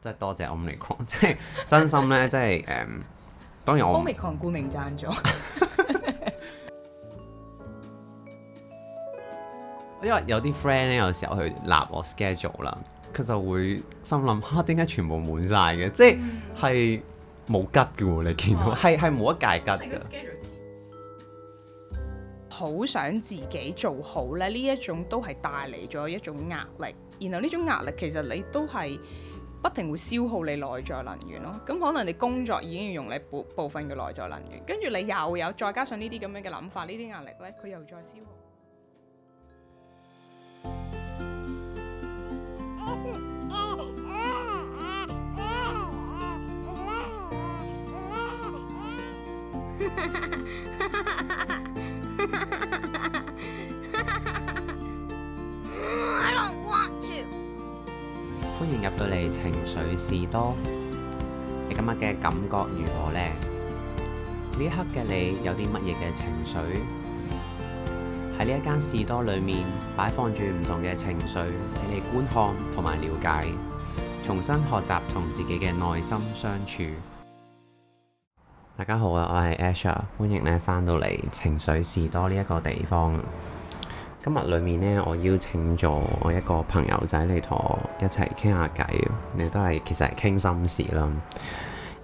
真係多謝 Omicron，即係真心咧，即係誒，當然我 Omicron 顧名讚咗，因為有啲 friend 咧，有時候去立我 schedule 啦，佢就會心諗吓，啊、點解全部滿晒嘅？嗯、即係冇吉嘅喎，你見到係係冇一屆吉嘅。好想自己做好咧，呢一種都係帶嚟咗一種壓力，然後呢種壓力其實你都係。不停會消耗你內在能源咯，咁可能你工作已經要用你部部分嘅內在能源，跟住你又有再加上呢啲咁樣嘅諗法，呢啲壓力呢，佢又再消耗。 嚟情緒士多，你今日嘅感覺如何呢？呢刻嘅你有啲乜嘢嘅情緒？喺呢一間士多裏面擺放住唔同嘅情緒，俾你嚟觀看同埋了解，重新學習同自己嘅內心相處。大家好啊，我係 ASH，歡迎你翻到嚟情緒士多呢一個地方。今日裏面呢，我邀請咗我一個朋友仔嚟同我一齊傾下偈，你都係其實係傾心事啦。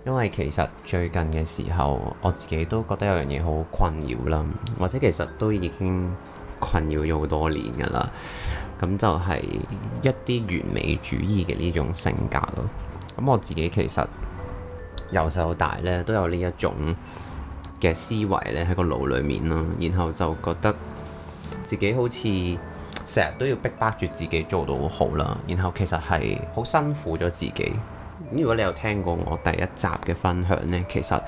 因為其實最近嘅時候，我自己都覺得有樣嘢好困擾啦，或者其實都已經困擾咗好多年噶啦。咁就係一啲完美主義嘅呢種性格咯。咁我自己其實由細到大咧，都有呢一種嘅思維咧喺個腦裏面咯，然後就覺得。自己好似成日都要逼迫住自己做到好啦，然後其實係好辛苦咗自己。咁如果你有聽過我第一集嘅分享呢，其實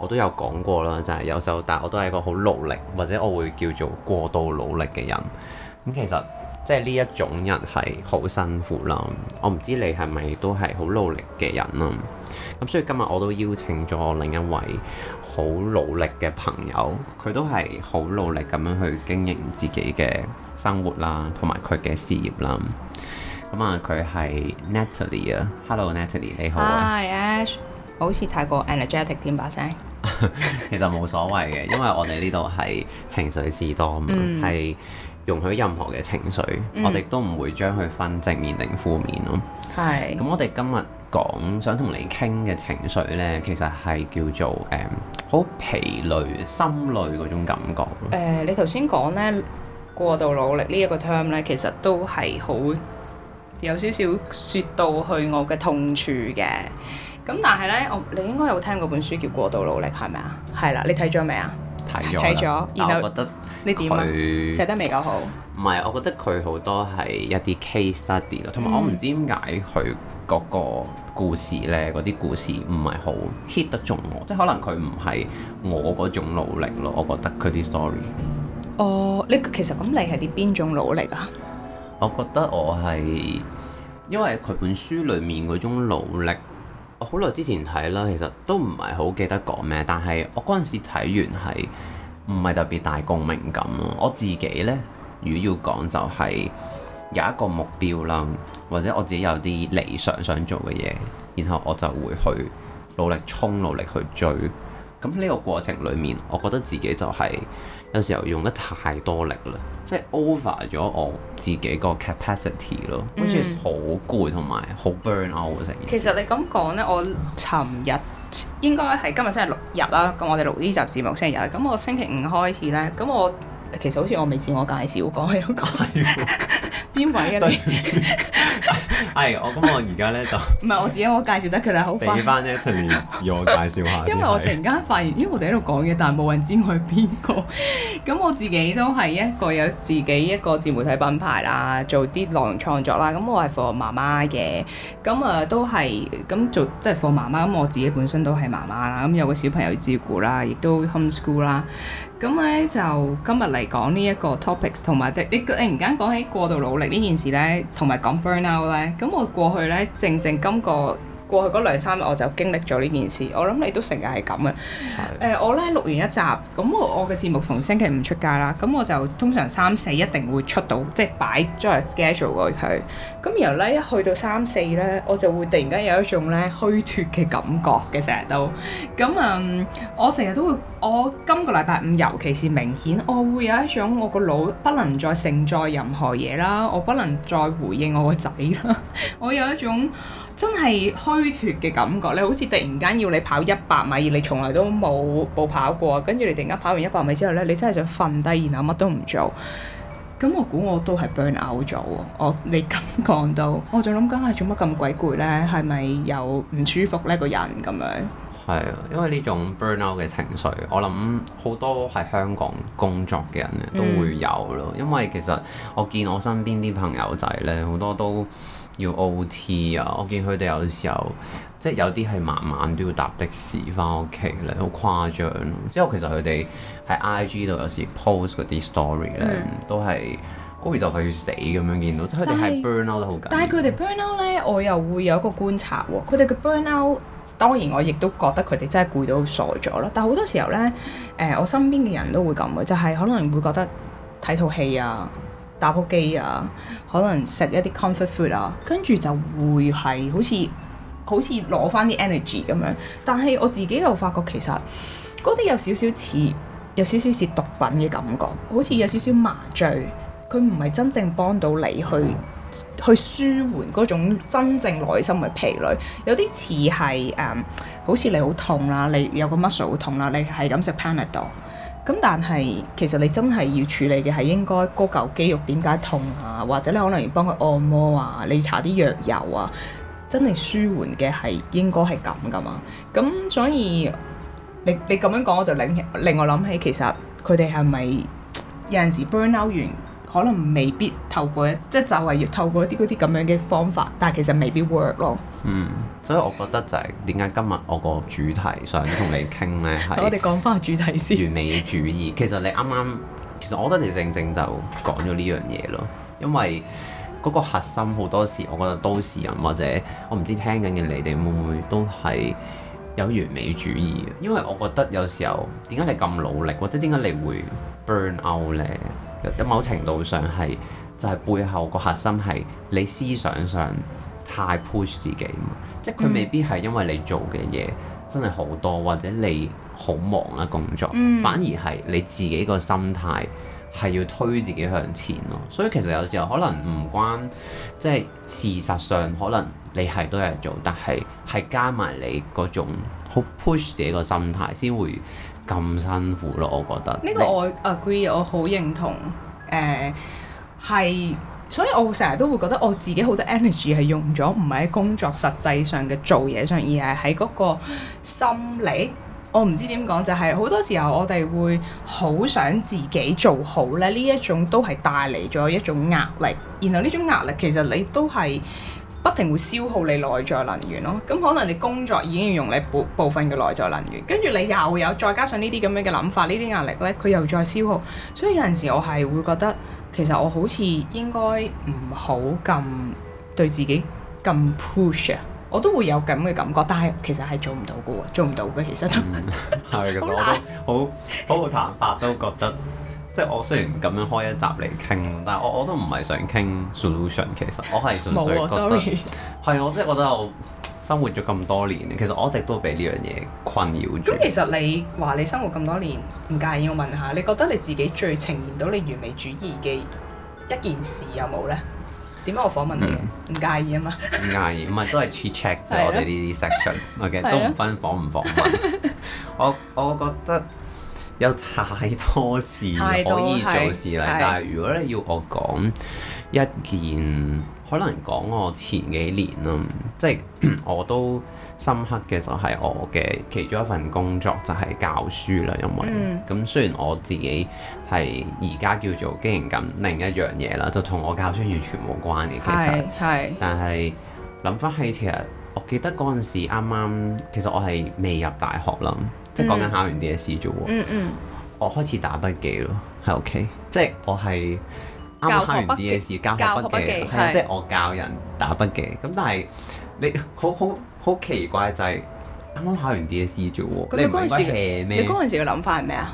我都有講過啦，就係、是、有時候但我都係一個好努力或者我會叫做過度努力嘅人。咁、嗯、其實即係呢一種人係好辛苦啦。我唔知你係咪都係好努力嘅人啦。咁、嗯、所以今日我都邀請咗另一位。好努力嘅朋友，佢都係好努力咁樣去經營自己嘅生活啦，同埋佢嘅事業啦。咁啊，佢係 Natalie 啊，Hello Natalie，你好啊。Hi, Ash，好似太過 energetic 添把聲。 其實冇所謂嘅， 因為我哋呢度係情緒士多嘛，嗯容許任何嘅情緒，嗯、我哋都唔會將佢分正面定負面咯。係是。咁我哋今日講想同你傾嘅情緒呢，其實係叫做誒好、um, 疲累、心累嗰種感覺。誒、呃，你頭先講呢，過度努力呢一個 term 咧，其實都係好有少少説到去我嘅痛處嘅。咁但係呢，我你應該有聽過本書叫《過度努力》係咪啊？係啦，你睇咗未啊？睇咗。睇咗。但係我覺得。你點啊？他寫得未夠好。唔係，我覺得佢好多係一啲 case study 咯、嗯。同埋我唔知點解佢嗰個故事咧，嗰啲故事唔係好 hit 得中我。即係可能佢唔係我嗰種努力咯。我覺得佢啲 story。哦，你其實咁，你係啲邊種努力啊？我覺得我係因為佢本書裡面嗰種努力，我好耐之前睇啦，其實都唔係好記得講咩。但係我嗰陣時睇完係。唔係特別大共鳴感，啊，我自己呢，如果要講就係有一個目標啦，或者我自己有啲理想想做嘅嘢，然後我就會去努力衝，努力去追。咁呢個過程裡面，我覺得自己就係有時候用得太多力啦，即係 over 咗我自己個 capacity 咯，好似好攰同埋好 burn out 嘅成件事。其實你咁講呢，我尋日。應該係今日星期六日啦，咁我哋錄呢集節目星期日，咁我星期五開始呢，咁我其實好似我未自我介紹過，講下有介邊位啊？係我咁，我而家咧就唔係 我自己，我介紹得佢哋好快。翻呢，同你自我介紹下。因為我突然間發現，因為 我哋喺度講嘢，但係冇人知我係邊個。咁 我自己都係一個有自己一個自媒體品牌啦，做啲內容創作啦。咁、嗯、我係 for 媽媽嘅，咁、嗯、啊都係咁、嗯、做，即係 for 媽媽。咁、嗯、我自己本身都係媽媽啦，咁、嗯、有個小朋友照顧啦，亦都 homeschool 啦。咁咧就今日嚟講呢一個 topic，同埋突然間講起過度努力呢件事呢，同埋講 burnout 呢。咁我過去呢，正正今個。過去嗰兩三日我就經歷咗呢件事，我諗你都成日係咁嘅。誒、呃，我呢錄完一集，咁我嘅節目逢星期五出街啦，咁我就通常三四一定會出到，即係擺咗係 schedule 過去。咁然後咧一去到三四呢，我就會突然間有一種呢虛脱嘅感覺嘅成日都。咁啊、嗯，我成日都會，我今個禮拜五尤其是明顯，我會有一種我個腦不能再承載任何嘢啦，我不能再回應我個仔啦， 我有一種。真係虛脱嘅感覺，你好似突然間要你跑一百米，而你從來都冇步跑過，跟住你突然間跑完一百米之後呢，你真係想瞓低，然後乜都唔做。咁我估我都係 b 人咬咗喎，我你咁講到，我仲諗緊係做乜咁鬼攰呢？係咪有唔舒服呢、那個人咁樣？係啊，因為呢種 burnout 嘅情緒，我諗好多喺香港工作嘅人呢都會有咯。嗯、因為其實我見我身邊啲朋友仔咧，好多都要 OT 啊。我見佢哋有時候即係有啲係晚晚都要搭的士翻屋企咧，好誇張咯、啊。之後其實佢哋喺 IG 度有時 post 嗰啲 story 咧，嗯、都係好似就快要死咁樣見到，即係佢哋係 burnout 得好緊是。但係佢哋 burnout 咧，我又會有一個觀察喎、哦，佢哋嘅 burnout。當然，我亦都覺得佢哋真係攰到傻咗咯。但係好多時候呢，誒、呃、我身邊嘅人都會咁嘅，就係、是、可能會覺得睇套戲啊、打波機啊、可能食一啲 comfort food 啊，跟住就會係好似好似攞返啲 energy 咁樣。但係我自己又發覺其實嗰啲有少少似有少少似毒品嘅感覺，好似有少少麻醉，佢唔係真正幫到你去去舒緩嗰種真正內心嘅疲累，有啲似係誒，好似你好痛啦，你有個 muscle 好痛啦，你係咁食 Panadol。咁但係其實你真係要處理嘅係應該嗰嚿肌肉點解痛啊，或者你可能要幫佢按摩啊，你搽啲藥油啊，真係舒緩嘅係應該係咁㗎嘛。咁所以你你咁樣講，我就令令我諗起，其實佢哋係咪有陣時 burnout 完？可能未必透過即係就係要透過啲嗰啲咁樣嘅方法，但係其實未必 work 咯。嗯，所以我覺得就係點解今日我個主題想同你傾呢？係我哋講翻個主題先。完美主義 其實你啱啱，其實我覺得你正正就講咗呢樣嘢咯，因為嗰個核心好多時，我覺得都市人或者我唔知聽緊嘅你哋會唔會都係有完美主義？因為我覺得有時候點解你咁努力，或者點解你會 burn out 呢？某程度上係，就係、是、背後個核心係你思想上太 push 自己嘛，即係佢未必係因為你做嘅嘢真係好多，嗯、或者你好忙啦，工作，反而係你自己個心態係要推自己向前咯。所以其實有時候可能唔關，即係事實上可能你係都有做，但係係加埋你嗰種好 push 自己個心態先會。咁辛苦咯，我覺得呢個我 agree，我好認同。誒、呃、係，所以我成日都會覺得我自己好多 energy 係用咗，唔係喺工作實際上嘅做嘢上，而係喺嗰個心理。我唔知點講，就係、是、好多時候我哋會好想自己做好咧，呢一種都係帶嚟咗一種壓力。然後呢種壓力其實你都係。不停會消耗你內在能源咯，咁可能你工作已經要用你部部分嘅內在能源，跟住你又有再加上呢啲咁樣嘅諗法，呢啲壓力呢，佢又再消耗，所以有陣時我係會覺得其實我好似應該唔好咁對自己咁 push 啊，我都會有咁嘅感覺，但係其實係做唔到嘅喎，做唔到嘅其實都係嘅，我都好 好好坦白都覺得。即係我雖然咁樣開一集嚟傾，但係我我都唔係想傾 solution。其實我係想，sorry。係我即係覺得，有我覺得我生活咗咁多年，其實我一直都俾呢樣嘢困擾住。咁、嗯、其實你話你生活咁多年唔介意我問下，你覺得你自己最呈現到你完美主義嘅一件事有冇咧？點解我訪問你？唔、嗯、介意啊嘛？唔介意，唔係都係 check check 啫。我哋呢啲 section 啊，都唔分訪唔訪問 我我覺得。有太多事太多可以做事嚟，是但係如果你要我講一件，可能講我前幾年啦，即係 我都深刻嘅就係我嘅其中一份工作就係教書啦，因為咁、嗯、雖然我自己係而家叫做經營緊另一樣嘢啦，就同我教書完全冇關嘅，是其實係，但係諗翻起其實我記得嗰陣時啱啱，其實我係未入大學啦。即係講緊考完 DSE 啫喎，嗯嗯，我開始打筆記咯喺屋企，okay? 即係我係啱啱考完 DSE 交教筆記，筆記即係我教人打筆記。咁的但係你好好好奇怪就係啱啱考完 DSE 啫喎，你嗰陣時嗎你嗰陣時嘅諗法係咩啊？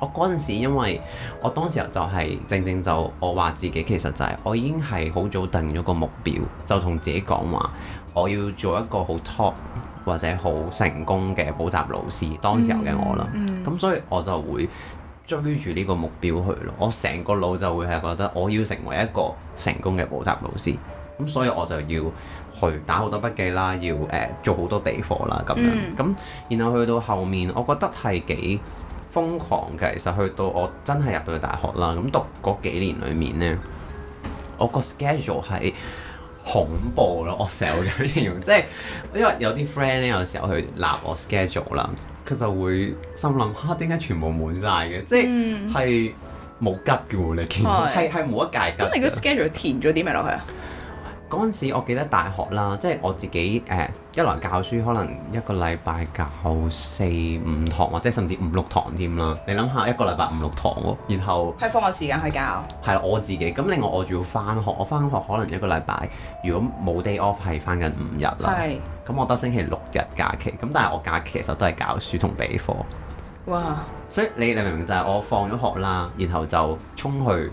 我嗰陣時因為我當時候就係、是、正正就我話自己其實就係我已經係好早定咗個目標，就同自己講話我要做一個好 top。或者好成功嘅補習老師，當時候嘅我啦，咁、嗯嗯、所以我就會追住呢個目標去咯。我成個腦就會係覺得我要成為一個成功嘅補習老師，咁所以我就要去打好多筆記啦，要誒、呃、做好多備課啦咁樣。咁、嗯、然後去到後面，我覺得係幾瘋狂嘅。其實去到我真係入到大學啦，咁讀嗰幾年裡面呢，我個 schedule 係。恐怖咯！我成日會咁形容，即係因為有啲 friend 咧，有時候去立我 schedule 啦，佢就會心諗，吓，點解全部滿晒嘅？即係係冇吉嘅喎，你係係冇一界吉。咁你嘅 schedule 填咗啲咩落去啊？嗰陣時，我記得大學啦，即係我自己誒、欸，一來教書可能一個禮拜教四五堂，或者甚至五六堂添啦。你諗下，一個禮拜五六堂喎，然後係放學時間去教，係我自己。咁另外我仲要返學，我返學可能一個禮拜，如果冇 day off 係返緊五日啦。係是。咁我得星期六日假期，咁但係我假期其實都係教書同備課。哇！所以你明唔明就係、是、我放咗學啦，然後就衝去。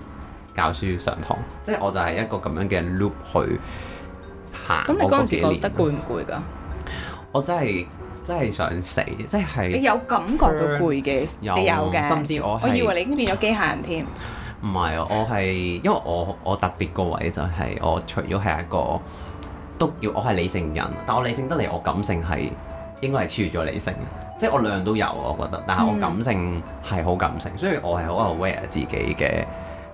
教書上堂，即係我就係一個咁樣嘅 loop 去行，嗯。咁你嗰陣時覺得攰唔攰噶？我真係真係想死，即係你有感覺到攰嘅？有嘅，甚至我，我以為你已經變咗機械人添。唔係啊，我係因為我我特別個位就係、是、我除咗係一個都叫我係理性人，但我理性得嚟，我感性係應該係超越咗理性，即係我兩樣都有，我覺得。但係我感性係好感性，嗯，所以我係好 aware 自己嘅。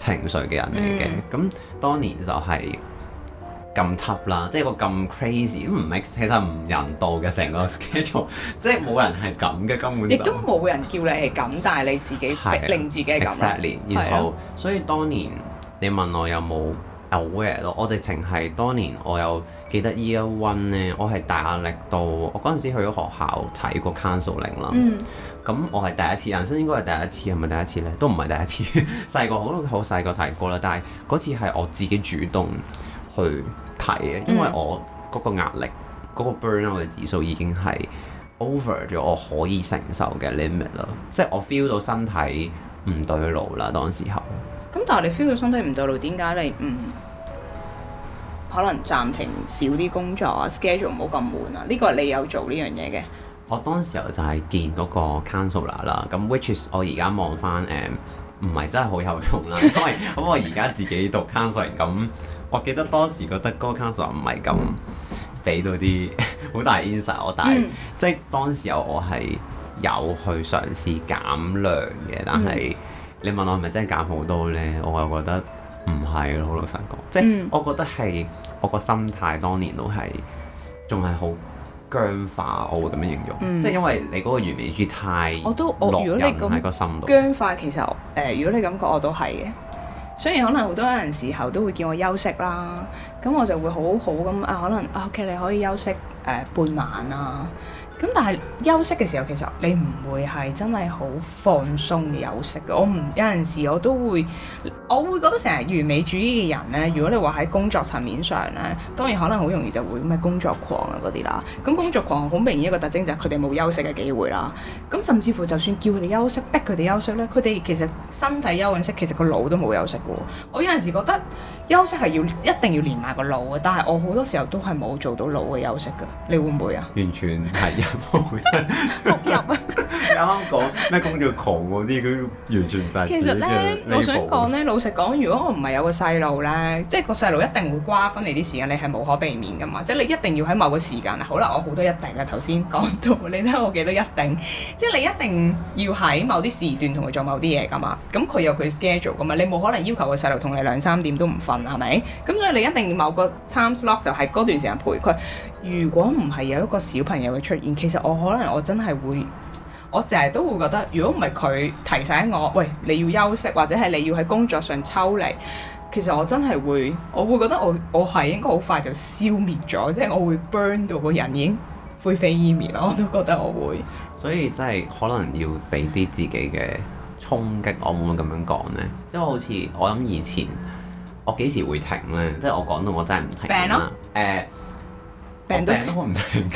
情緒嘅人嚟嘅，咁當、嗯、年就係咁 tough 啦，即係個咁 crazy 唔 m a 其實唔人道嘅成 個 schedule，即係冇人係咁嘅根本、就是。亦都冇人叫你係咁，但係你自己令、啊、自己係咁。十年，然後、啊、所以當年你問我有冇 aware 咯，我直情係當年我有記得 year one 咧，我係大壓力到，我嗰陣時去咗學校睇過 counseling 啦、嗯。咁我係第一次，人生應該係第一次，係咪第一次呢？都唔係第一次，細個好都好細個睇過啦。但係嗰次係我自己主動去睇嘅，因為我嗰個壓力、嗰、嗰個 burnout 嘅指數已經係 over 咗我可以承受嘅 limit 咯，即係我 feel 到身體唔對路啦當時候。咁、嗯、但係你 feel 到身體唔對路，點解你唔、嗯、可能暫停少啲工作啊？schedule 唔好咁滿啊？呢、呢個你有做呢樣嘢嘅。我當時候就係見嗰個 counselor 啦，咁 which is 我而家望翻，誒，唔、嗯、係真係好有用啦，因為咁 我而家自己讀 counselor，咁我記得當時覺得嗰個 counselor 唔係咁俾到啲好、嗯、 大 insight 我，但係即係當時候我係有去嘗試減量嘅，但係、嗯、你問我係咪真係減好多咧，我又覺得唔係咯，好老實講，即係、嗯、我覺得係我個心態當年都係仲係好僵化，我會咁樣形容，嗯、即係因為你嗰個完美主義太，我都我如果你咁僵化，其實誒、呃，如果你感覺我都係嘅，雖然可能好多人時候都會叫我休息啦，咁我就會好好咁啊，可能啊，OK，你可以休息誒、呃、半晚啊。咁但係休息嘅時候，其實你唔會係真係好放鬆嘅休息嘅。我唔有陣時我都會，我會覺得成日完美主義嘅人呢。如果你話喺工作層面上呢，當然可能好容易就會咩工作狂啊嗰啲啦。咁工作狂好明顯一個特徵就係佢哋冇休息嘅機會啦。咁甚至乎就算叫佢哋休息，逼佢哋休息呢，佢哋其實身體休息，其實個腦都冇休息嘅喎。我有陣時覺得休息係要一定要連埋個腦嘅，但係我好多時候都係冇做到腦嘅休息嘅。你會唔會啊？完全係僕人，仆入 呵呵 啊！你啱啱講咩工叫窮喎啲，佢完全唔得。其實咧，我想講咧，老實講，如果我唔係有個細路咧，即係個細路一定會瓜分你啲時間，你係無可避免噶嘛。即係你一定要喺某個時間好啦，我好多一定啊，頭先講到你睇我幾多一定，即係你一定要喺某啲時段同佢做某啲嘢噶嘛。咁佢有佢 schedule 噶嘛，你冇可能要求個細路同你兩三點都唔瞓係咪？咁所以你一定要某個 time slot 就係嗰段時間陪佢。如果唔係有一個小朋友嘅出現，其實我可能我真係會，我成日都會覺得，如果唔係佢提醒我，喂，你要休息或者係你要喺工作上抽離，其實我真係會，我會覺得我我係應該好快就消滅咗，即係我會 burn 到個人已經灰飛煙滅咯，我都覺得我會。所以真係可能要俾啲自己嘅衝擊，我會唔會咁樣講呢，即係好似我諗以前，我幾時會停呢？即係我講到我真係唔停病咯。呃病都好唔停，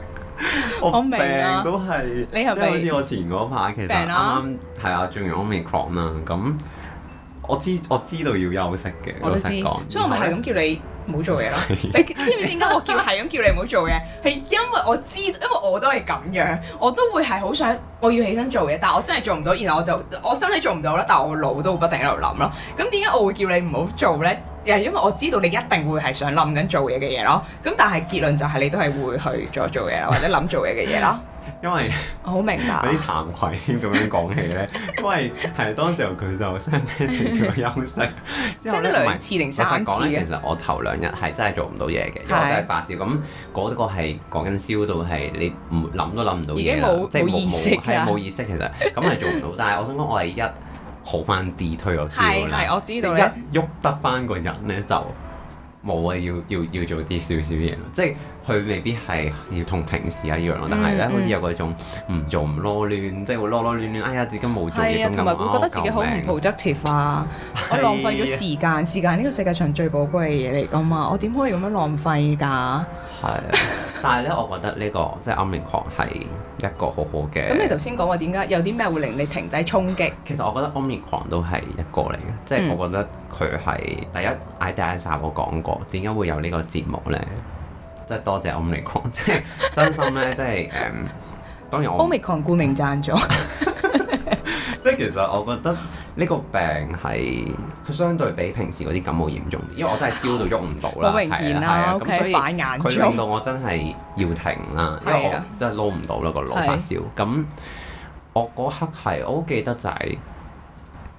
我，我明病都係，即係好似我前嗰排其實啱啱，係啊，仲有 Omicron 啦，咁我知我知道要休息嘅，我知都知，所以我咪係咁叫你唔好做嘢咯。 你知唔知點解我叫係咁叫你唔好做嘢？係 因為我知，因為我都係咁樣，我都會係好想我要起身做嘢，但我真係做唔到，然後我就我身體做唔到啦，但係我腦都會不停喺度諗啦。咁點解我會叫你唔好做咧？因為我知道你一定會係想諗緊做嘢嘅嘢咯，咁但係結論就係你都係會去再做嘢或者諗做嘢嘅嘢咯。因為我好明白，有啲慚愧添咁樣講起咧，因為係當時候佢就 send message 叫我休息，之後咧兩次定三次，其實我頭兩日係真係做唔到嘢嘅，因為真係發燒。咁嗰個係講緊燒到係你唔諗都諗唔到嘢啦，即冇冇冇意識啊，係冇意識其實咁係做唔到。但係我想講我係一。好翻啲，推我燒啦！即係一喐得翻個人咧，就冇啊！要要要做啲少少嘢，即係佢未必係要同平時一樣、嗯、但係咧，嗯、好似有嗰種唔做唔囉亂，即係會囉囉亂亂。哎呀，自己冇做嘢同埋會覺得自己好唔 productive 啊！的我浪費咗時間，時間呢、呢個世界上最寶貴嘅嘢嚟噶嘛！我點可以咁樣浪費㗎？係啊。但係咧，我覺得呢、這個即係、就是、o 明狂 g 係一個好好嘅。咁你頭先講話點解有啲咩會令你停低衝擊？其實我覺得 o 明狂都係一個嚟嘅，即、就、係、是、我覺得佢係第一 idea。阿、嗯、Sam 我講過點解會有呢個節目咧？即、就、係、是、多謝 o 明狂，即係真心咧呢，即係誒。當然我明狂 e 顧名贊咗。 即係其實我覺得。呢個病係佢相對比平時嗰啲感冒嚴重啲，因為我真係燒到喐唔到啦，係啊，咁所以佢令到我真係要停啦，因為我真係攞唔到啦、個腦發燒。咁是的 我嗰刻係我好記得就係、是、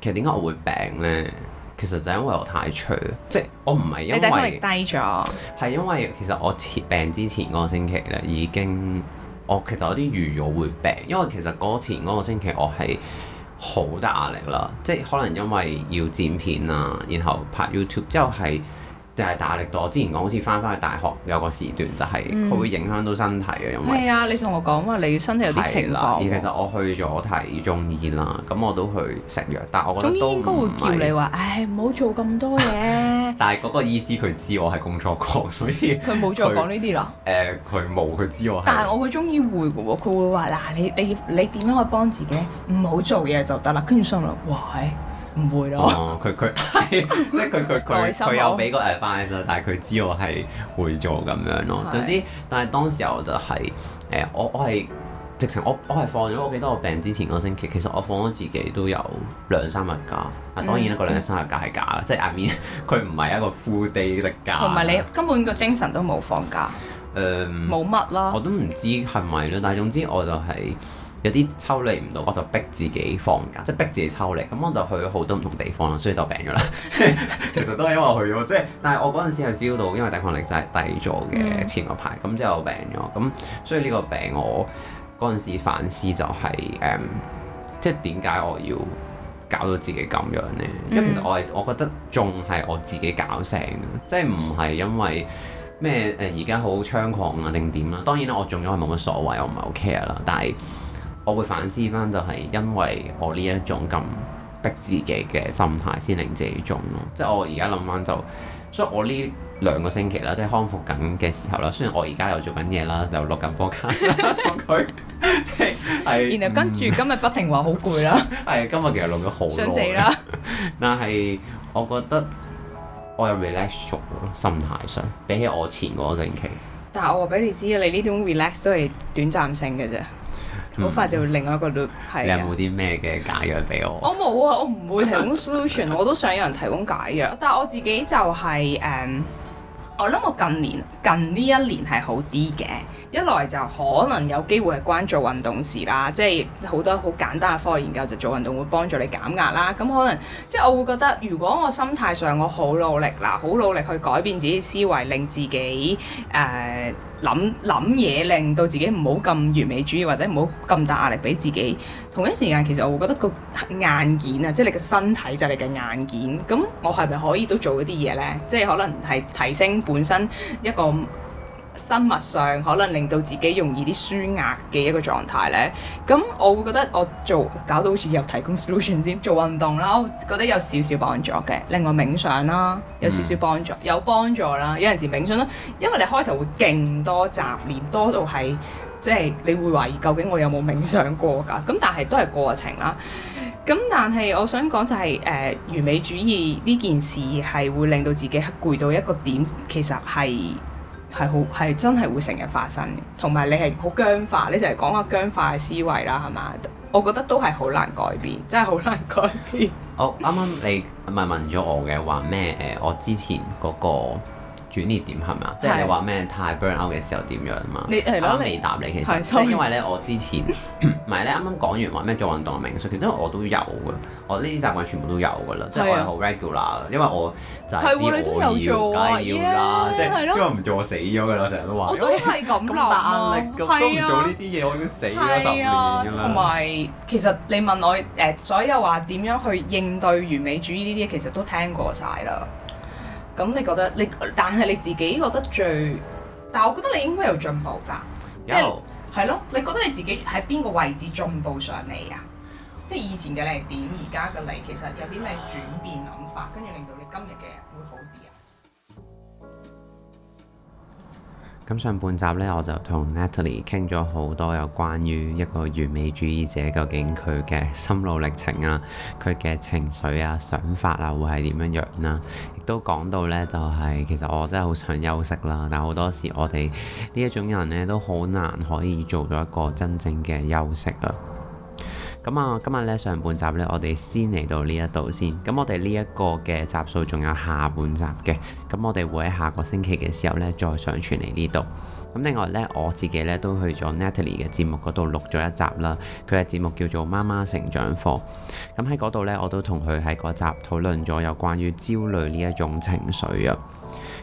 其實點解我會病咧？其實就因為我太脆即係我唔係因為低咗，係因為其實我前病之前嗰個星期咧已經，我其實有啲預兆會病，因為其實嗰前嗰個星期我係。好大壓力啦，即係可能因為要剪片啊，然後拍 YouTube 之後係。就係打力多，我之前講好似翻翻去大學有個時段就係，佢會影響到身體嘅，因為係、嗯、啊，你同我講話你身體有啲情況，其實我去咗睇中醫啦，咁我都去食藥，但係我覺得，中醫應該會叫你話，唉唔好做咁多嘢。 但係嗰個醫師佢知我係工作狂，所以佢冇再講呢啲咯。誒，佢、呃、冇，佢知我。但係我個中醫會嘅喎，佢會話嗱，你你你點樣去幫自己？唔好做嘢就得啦，跟住商量話誒。唔會咯，佢佢係即係佢佢佢佢有俾個 advice，但係佢知我係會做咁樣咯。是的 總之，但係當時候就係、是、誒、呃，我我係直情，我我係放咗我記得我病之前個星期。其實我放咗自己都有兩三日假。啊，當然啦，嗰兩三日假係假啦，即係 I mean，佢唔係一個 full day 的假的。同埋你根本個精神都冇放假，誒冇乜啦、嗯。我都唔知係唔係啦，但係總之我就係、是。有啲抽離唔到，我就逼自己放假，即係逼自己抽離。咁我就去咗好多唔同地方啦，所以就病咗啦。即 係 其實都係因為我去咗，即係。但係我嗰陣時係 feel 到，因為抵抗力就係低咗嘅、嗯、前個排，咁之後病咗。咁所以呢個病我嗰陣時反思就係、是、誒、嗯，即係點解我要搞到自己咁樣呢？因為其實我係我覺得仲係我自己搞成即係唔係因為咩誒而家好猖狂啊定點啦？當然啦，我中咗係冇乜所謂，我唔係好 care 啦。但係我會反思翻，就係因為我呢一種咁逼自己嘅心態，先令自己中咯。即係我而家諗翻就，所以我呢兩個星期啦，即係康復緊嘅時候啦。雖然我而家又在做緊嘢啦，又落緊 podcast， 即係然後跟住今日不停話好攰啦。係 今日其實落咗好耐，想死 但係我覺得我有 relax 咗，心態上比起我前嗰個星期。但係我話俾你知啊，你呢種 relax 都係短暫性嘅啫。好快就會另外一個 loop 係。你有冇啲咩嘅解藥俾我？我冇啊，我唔會提供 solution， 我都想有人提供解藥。但係我自己就係、是、誒，um, 我諗我近年近呢一年係好啲嘅。一來就可能有機會係關做運動事啦，即係好多好簡單嘅科學研究就做運動會幫助你減壓啦。咁可能即係我會覺得，如果我心態上我好努力嗱，好努力去改變自己思維，令自己誒。Uh, 諗諗嘢令到自己唔好咁完美主義，或者唔好咁大壓力俾自己。同一時間，其實我會覺得個硬件啊，即係你嘅身體就係你嘅硬件。咁我係咪可以都做一啲嘢呢？即係可能係提升本身一個生物上可能令到自己容易啲舒壓嘅一個狀態呢。咁我會覺得我做搞到好似有提供 solution 先做運動啦，我覺得有少少幫助嘅，另外，冥想啦，有少少幫助，嗯、有幫助啦。有陣時冥想啦，因為你開頭會勁多雜念，多到係即係你會懷疑究竟我有冇冥想過㗎。咁但係都係過程啦。咁但係我想講就係誒完美主義呢件事係會令到自己攰到一個點，其實係。係好係真係會成日發生嘅，同埋你係好僵化，你成日講下僵化嘅思維啦，係嘛？我覺得都係好難改變，真係好難改變。我啱啱你係問咗我嘅話咩？誒，我之前嗰個。轉捩點係咪啊？即係你話咩太 burn out 嘅時候點樣啊嘛？我未答你，其實即係因為咧，我之前唔係你啱啱講完話咩做運動嘅名述，其實我都有嘅，我呢啲習慣全部都有㗎啦，即係我係好 regular 嘅，因為我就係知我要梗係要啦，即係因為唔做我死咗㗎啦，成日都話。我都係咁講。咁壓力，都唔做呢啲嘢，我已經死咗十年。同埋其實你問我誒，所以話點樣去應對完美主義呢啲嘢，其實都聽過晒啦。咁你覺得你，但係你自己覺得最，但係我覺得你應該有進步㗎，Yo. 即係，係咯，你覺得你自己喺邊個位置進步上嚟啊？即係以前嘅你係點，而家嘅你其實有啲咩轉變諗法，跟住 Yeah. 令到你今日嘅會好啲咁上半集呢，我就同 Natalie 傾咗好多有關於一個完美主義者，究竟佢嘅心路歷程啊，佢嘅情緒啊、想法啊會係點樣樣、啊、啦，亦都講到呢，就係、是、其實我真係好想休息啦，但好多時我哋呢一種人呢，都好難可以做到一個真正嘅休息啊。咁啊，今日咧上半集咧，我哋先嚟到呢一度先。咁我哋呢一個嘅集數仲有下半集嘅，咁我哋會喺下個星期嘅時候咧再上傳嚟呢度。咁另外咧，我自己咧都去咗 Natalie 嘅節目嗰度錄咗一集啦。佢嘅節目叫做《媽媽成長課》。咁喺嗰度咧，我都同佢喺嗰集討論咗有關於焦慮呢一種情緒啊。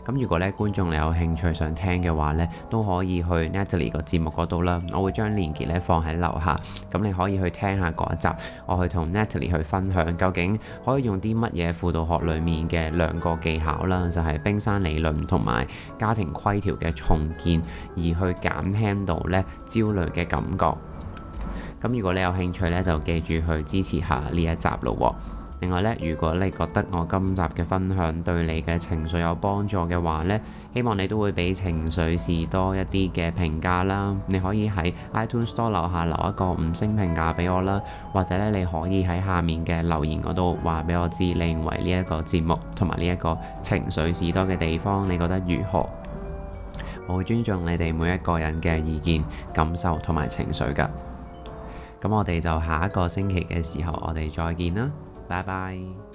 咁如果咧觀眾你有興趣想聽嘅話咧，都可以去 Natalie 個節目嗰度啦。我會將連結咧放喺樓下，咁你可以去聽下嗰一集。我去同 Natalie 去分享究竟可以用啲乜嘢輔導學裡面嘅兩個技巧啦，就係冰山理論同埋家庭規條嘅重建，而去減輕到咧焦慮嘅感覺。咁如果你有興趣咧，就記住去支持下呢一集咯。另外咧，如果你覺得我今集嘅分享對你嘅情緒有幫助嘅話咧，希望你都會俾情緒士多一啲嘅評價啦。你可以喺 iTunes Store 留下留一個五星評價俾我啦，或者咧你可以喺下面嘅留言嗰度話俾我知，你認為呢一個節目同埋呢一個情緒士多嘅地方，你覺得如何？我會尊重你哋每一個人嘅意見、感受同埋情緒㗎。咁我哋就下一個星期嘅時候，我哋再見啦。拜拜。